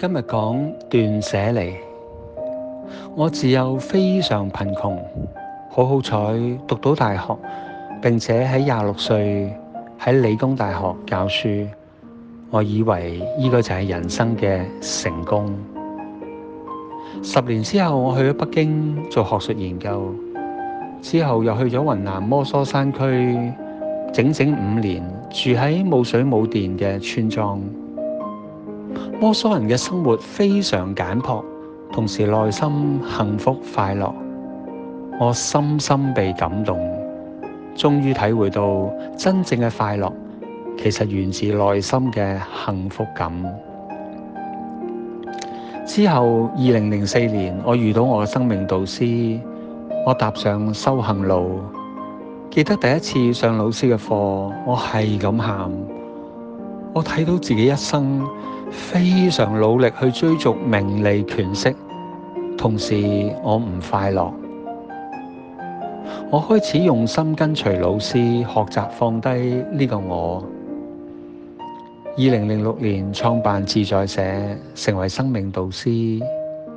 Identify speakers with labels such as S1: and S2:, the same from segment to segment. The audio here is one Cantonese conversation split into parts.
S1: 今日講斷捨離，我自幼非常貧窮，好好彩讀到大學，並且喺廿六歲喺理工大學教書，我以為呢個就係人生嘅成功。十年之後我去咗北京做學術研究，之後又去咗雲南摩梭山區，整整五年住喺冇水冇電嘅村莊。摩梭人嘅生活非常簡樸，同時內心幸福快樂。我深深被感動，終於體會到真正嘅快樂其實源自內心嘅幸福感。之後，二零零四年我遇到我嘅生命導師，我踏上修行路。記得第一次上老師嘅課，我係咁喊，我睇到自己一生。非常努力去追逐名利權勢，同時我唔快樂。我開始用心跟隨老師學習放低呢個我。二零零六年創辦自在社，成為生命導師，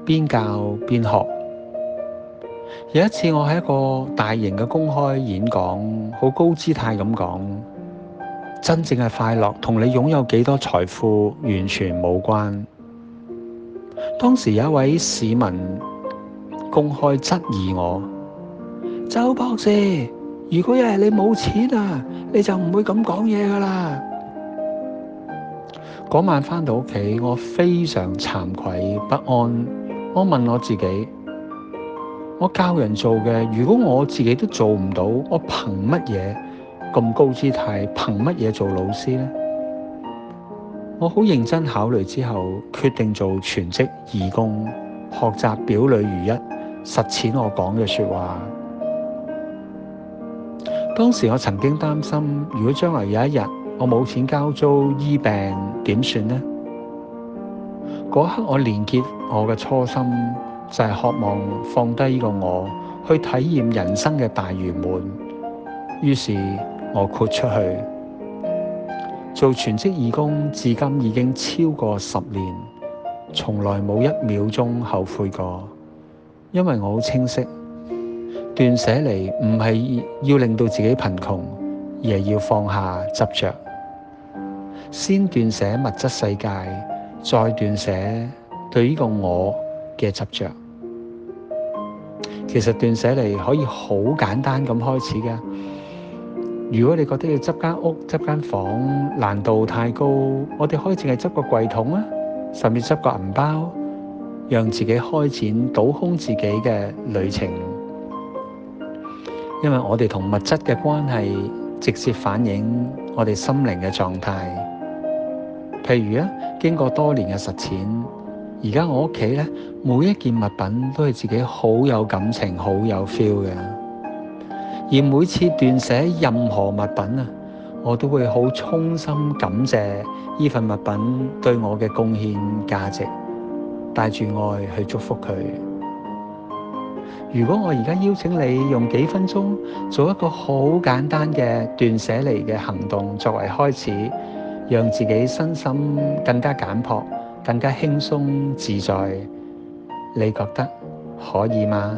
S1: 邊教邊學。有一次我喺一個大型嘅公開演講，好高姿態咁講。真正嘅快樂同你擁有幾多財富完全冇關。當時有一位市民公開質疑我：「周博士，如果有係你冇錢啊，你就唔會咁講嘢㗎喇。嗰晚返到屋企，我非常慚愧不安。我問我自己：我教人做嘅，如果我自己都做唔到，我憑乜嘢？咁高姿態，憑乜嘢做老師呢？我好認真考慮之後，決定做全職義工，學習表裏如一，實踐我講嘅說話。當時我曾經擔心，如果將來有一日我冇錢交租、醫病，點算呢？嗰刻我連結我嘅初心，就係、是、渴望放低呢個我，去體驗人生嘅大圓滿。於是。我豁出去做全職義工，至今已經超過十年，從來冇一秒鐘後悔過，因為我好清晰，斷捨離唔係要令到自己貧窮，而係要放下執着，先斷捨物質世界，再斷捨對呢個我嘅執着。其實斷捨離可以好簡單咁開始嘅。如果你覺得要執間屋、執間房難度太高，我哋可以淨係執個櫃桶啊，甚至執個銀包，讓自己開展倒空自己嘅旅程。因為我哋同物質嘅關係直接反映我哋心靈嘅狀態。譬如啊，經過多年嘅實踐，而家我屋企咧每一件物品都係自己好有感情、好有 feel 嘅。而每次斷捨任何物品啊，我都會好衷心感謝呢份物品對我嘅貢獻價值，帶住愛去祝福佢。如果我而家邀請你用幾分鐘做一個好簡單嘅斷捨離嘅行動作為開始，讓自己身心更加簡樸、更加輕鬆自在，你覺得可以嗎？